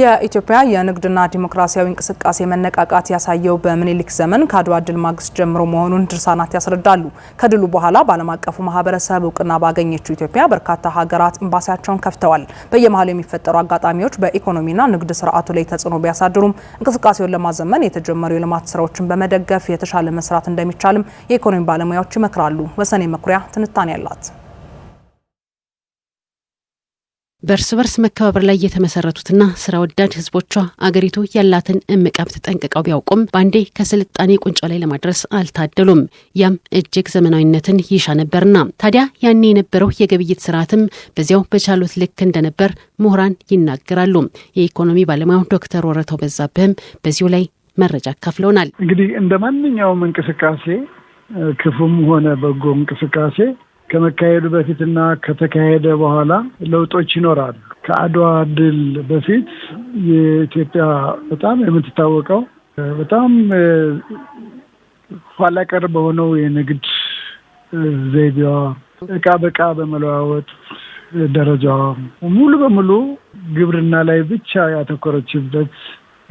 የኢትዮጵያ የንግድና ዲሞክራሲያዊ እንቅስቃሴ መነቃቃት ያሳየው በምኒልክ ዘመን ከአድዋ ድል ማግስት ጀምሮ መሆኑን ድርሳናት ያስረዳሉ። ከድሉ በኋላ በዓለም አቀፉ ማህበረሰብ እውቅና ባገኘችው ኢትዮጵያ በርካታ ሀገራት ኤምባሲያቸውን ከፍተዋል። በየመሀሉ የሚፈጠሩ አጋጣሚዎች በኢኮኖሚና ንግድ ስርዓቱ ላይ ተጽዕኖ ቢያሳድሩም እንቅስቃሴውን ለማዘመን የተጀመሩ የልማት ስራዎችን በመደገፍ የተሻለ መስራት እንደሚቻልም የኢኮኖሚ ባለሙያዎች ይመክራሉ። ወሰኔ መኩሪያ ትንታኔ አላት። በእርስ በርስ መከባበር ላይ የተመሰረቱትና ስራ ወዳድ ህዝቦቿ አገሪቱ ያላትን እምቅ ሀብት ጠንቅቀው ቢያውቁም በአንዴ ከስልጣኔ ቁንጮ ላይ ለማድረስ አልታደሉም። ያም እጅግ ዘመናዊነትን ይሻ ነበርና ታዲያ ያኔ የነበረው የግብይት ስርዓትም በዚያው በቻሉት ልክ እንደነበር ምሁራን ይናገራሉ። የኢኮኖሚ ባለሙያው ዶክተር ወረተው በዛብህም በዚሁ ላይ መረጃ አካፍለውናል። እንግዲህ እንደ ማንኛውም እንቅስቃሴ ክፉም ሆነ በጎ እንቅስቃሴ ከመካሄዱ በፊትና ከተካሄደ በኋላ ለውጦች ይኖራሉ። ከአድዋ ድል በፊት የኢትዮጵያ በጣም የምትታወቀው በጣም ኋላ በሆነው የንግድ ዘይቤዋ እቃ በእቃ በመለዋወጥ ደረጃዋ ሙሉ በሙሉ ግብርና ላይ ብቻ ያተኮረችበት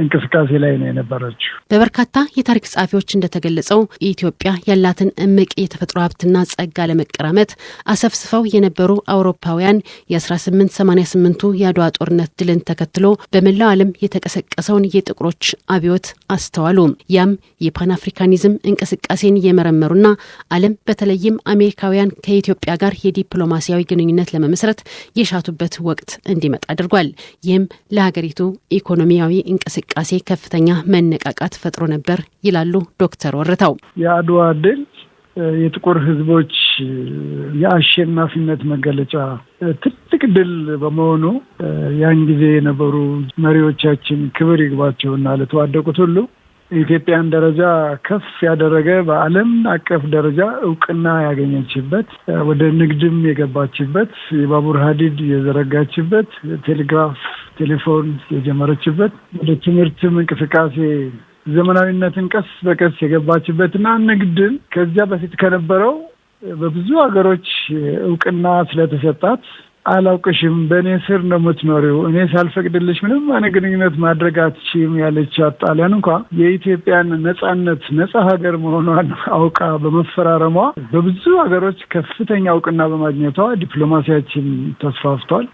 እንቅስቃሴ ላይ ነው የነበረችው። በበርካታ የታሪክ ጸሐፊዎች እንደተገለጸው ኢትዮጵያ ያላትን እምቅ የተፈጥሮ ሀብትና ጸጋ ለመቀራመት አሰፍስፈው የነበሩ አውሮፓውያን የ1888ቱ የአድዋ ጦርነት ድልን ተከትሎ በመላው ዓለም የተቀሰቀሰውን የጥቁሮች አብዮት አስተዋሉ። ያም የፓን አፍሪካኒዝም እንቅስቃሴን የመረመሩና ዓለም በተለይም አሜሪካውያን ከኢትዮጵያ ጋር የዲፕሎማሲያዊ ግንኙነት ለመመስረት የሻቱበት ወቅት እንዲመጣ አድርጓል። ይህም ለሀገሪቱ ኢኮኖሚያዊ እንቅስቃሴ እንቅስቃሴ ከፍተኛ መነቃቃት ፈጥሮ ነበር ይላሉ ዶክተር ወረታው። የአድዋ ድል የጥቁር ህዝቦች የአሸናፊነት መገለጫ ትልቅ ድል በመሆኑ ያን ጊዜ የነበሩ መሪዎቻችን ክብር ይግባቸውና ለተዋደቁት ሁሉ የኢትዮጵያን ደረጃ ከፍ ያደረገ በዓለም አቀፍ ደረጃ እውቅና ያገኘችበት ወደ ንግድም የገባችበት የባቡር ሀዲድ የዘረጋችበት ቴሌግራፍ ቴሌፎን የጀመረችበት ወደ ትምህርትም እንቅስቃሴ ዘመናዊነትን ቀስ በቀስ የገባችበትና ንግድን ከዚያ በፊት ከነበረው በብዙ ሀገሮች እውቅና ስለተሰጣት አላውቅሽም፣ በእኔ ስር ነው የምትኖሪው፣ እኔ ሳልፈቅድልሽ ምንም አይነት ግንኙነት ማድረግ አትችም ያለች ጣሊያን እንኳ የኢትዮጵያን ነጻነት ነጻ ሀገር መሆኗን አውቃ በመፈራረሟ በብዙ ሀገሮች ከፍተኛ እውቅና በማግኘቷ ዲፕሎማሲያችን ተስፋፍቷል።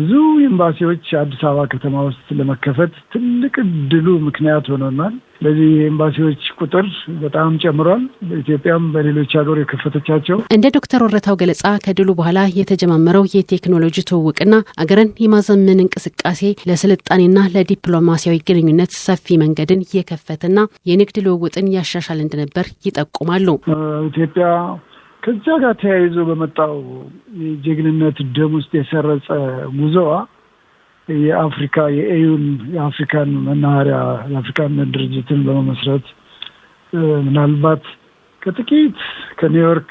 ብዙ ኤምባሲዎች አዲስ አበባ ከተማ ውስጥ ለመከፈት ትልቅ ድሉ ምክንያት ሆኖናል። ስለዚህ የኤምባሲዎች ቁጥር በጣም ጨምሯል። በኢትዮጵያም በሌሎች ሀገር የከፈተቻቸው እንደ ዶክተር ወረታው ገለጻ ከድሉ በኋላ የተጀማመረው የቴክኖሎጂ ትውውቅና አገርን የማዘመን እንቅስቃሴ ለስልጣኔና ለዲፕሎማሲያዊ ግንኙነት ሰፊ መንገድን የከፈተና የንግድ ልውውጥን ያሻሻል እንደነበር ይጠቁማሉ። ኢትዮጵያ ከዚያ ጋር ተያይዞ በመጣው የጀግንነት ደም ውስጥ የሰረጸ ጉዞዋ የአፍሪካ የኤዩን የአፍሪካን መናኸሪያ የአፍሪካን ድርጅትን በመመስረት ምናልባት ከጥቂት ከኒውዮርክ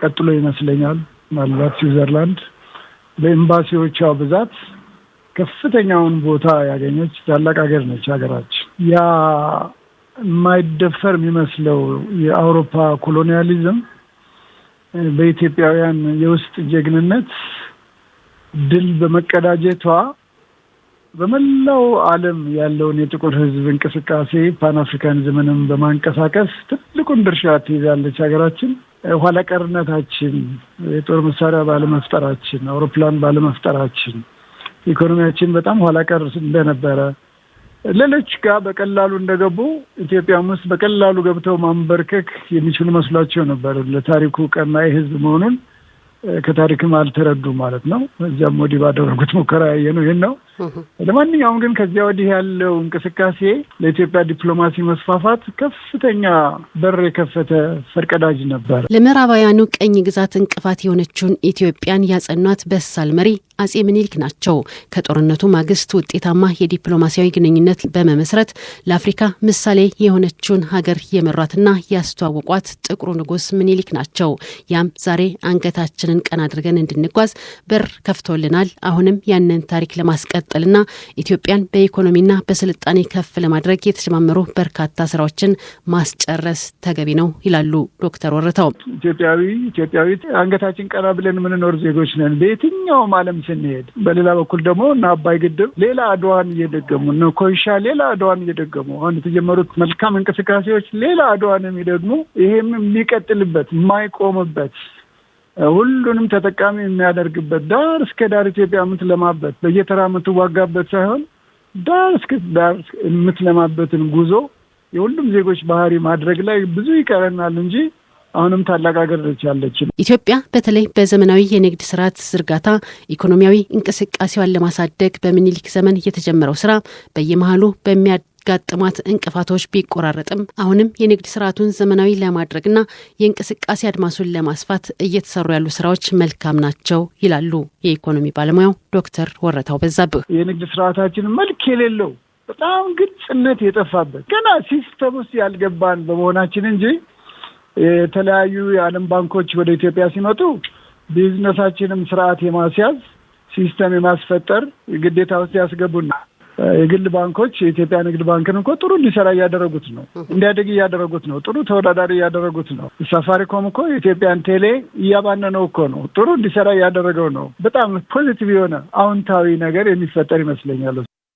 ቀጥሎ ይመስለኛል ምናልባት ስዊዘርላንድ በኤምባሲዎቿ ብዛት ከፍተኛውን ቦታ ያገኘች ታላቅ ሀገር ነች። ሀገራችን ያ የማይደፈር የሚመስለው የአውሮፓ ኮሎኒያሊዝም በኢትዮጵያውያን የውስጥ ጀግንነት ድል በመቀዳጀቷ በመላው ዓለም ያለውን የጥቁር ሕዝብ እንቅስቃሴ ፓን አፍሪካኒዝምንም በማንቀሳቀስ ትልቁን ድርሻ ትይዛለች ሀገራችን። ኋላ ቀርነታችን፣ የጦር መሳሪያ ባለመፍጠራችን፣ አውሮፕላን ባለመፍጠራችን ኢኮኖሚያችን በጣም ኋላ ቀር እንደነበረ ሌሎች ጋር በቀላሉ እንደገቡ ኢትዮጵያም ውስጥ በቀላሉ ገብተው ማንበርከክ የሚችሉ መስሏቸው ነበር። ለታሪኩ ቀናይ ሕዝብ መሆኑን ከታሪክም አልተረዱ ማለት ነው። እዚያም ወዲህ ባደረጉት ሙከራ ያየ ነው ይህን ነው። ለማንኛውም ግን ከዚያ ወዲህ ያለው እንቅስቃሴ ለኢትዮጵያ ዲፕሎማሲ መስፋፋት ከፍተኛ በር የከፈተ ፈርቀዳጅ ነበረ። ለምዕራባውያኑ ቀኝ ግዛት እንቅፋት የሆነችውን ኢትዮጵያን ያጸኗት በሳል መሪ አጼ ምኒልክ ናቸው። ከጦርነቱ ማግስት ውጤታማ የዲፕሎማሲያዊ ግንኙነት በመመስረት ለአፍሪካ ምሳሌ የሆነችውን ሀገር የመሯትና ያስተዋወቋት ጥቁሩ ንጉስ ምኒልክ ናቸው። ያም ዛሬ አንገታችንን ቀና አድርገን እንድንጓዝ በር ከፍቶልናል። አሁንም ያንን ታሪክ ለማስቀጠልና ኢትዮጵያን በኢኮኖሚና በስልጣኔ ከፍ ለማድረግ የተጀማመሩ በርካታ ስራዎችን ማስጨረስ ተገቢ ነው ይላሉ ዶክተር ወርተው። ኢትዮጵያዊ ኢትዮጵያዊት አንገታችን ቀና ብለን የምንኖር ዜጎች ነን። በየትኛውም ዓለም ስንሄድ፣ በሌላ በኩል ደግሞ እና አባይ ግድብ ሌላ አድዋን እየደገሙ እነ ኮይሻ ሌላ አድዋን እየደገሙ አሁን የተጀመሩት መልካም እንቅስቃሴዎች ሌላ አድዋን የሚደግሙ ይሄም የሚቀጥልበት የማይቆምበት ሁሉንም ተጠቃሚ የሚያደርግበት ዳር እስከ ዳር ኢትዮጵያ የምትለማበት በየተራ የምትዋጋበት ሳይሆን ዳር እስከ ዳር የምትለማበትን ጉዞ የሁሉም ዜጎች ባህሪ ማድረግ ላይ ብዙ ይቀረናል እንጂ አሁንም ታላቅ ሀገር ነች ያለችን ኢትዮጵያ በተለይ በዘመናዊ የንግድ ስርዓት ዝርጋታ ኢኮኖሚያዊ እንቅስቃሴዋን ለማሳደግ በምኒልክ ዘመን የተጀመረው ስራ በየመሀሉ በሚያ ጋጥማት እንቅፋቶች ቢቆራረጥም አሁንም የንግድ ስርዓቱን ዘመናዊ ለማድረግና የእንቅስቃሴ አድማሱን ለማስፋት እየተሰሩ ያሉ ስራዎች መልካም ናቸው ይላሉ የኢኮኖሚ ባለሙያው ዶክተር ወረታው በዛብህ። የንግድ ስርዓታችን መልክ የሌለው በጣም ግልጽነት የጠፋበት ገና ሲስተም ውስጥ ያልገባን በመሆናችን እንጂ የተለያዩ የዓለም ባንኮች ወደ ኢትዮጵያ ሲመጡ ቢዝነሳችንም ስርዓት የማስያዝ ሲስተም የማስፈጠር ግዴታ ውስጥ ያስገቡና የግል ባንኮች የኢትዮጵያ ንግድ ባንክን እኮ ጥሩ እንዲሰራ እያደረጉት ነው፣ እንዲያደግ እያደረጉት ነው፣ ጥሩ ተወዳዳሪ እያደረጉት ነው። ሳፋሪኮም እኮ የኢትዮጵያን ቴሌ እያባነነው እኮ ነው፣ ጥሩ እንዲሰራ እያደረገው ነው። በጣም ፖዚቲቭ የሆነ አዎንታዊ ነገር የሚፈጠር ይመስለኛል።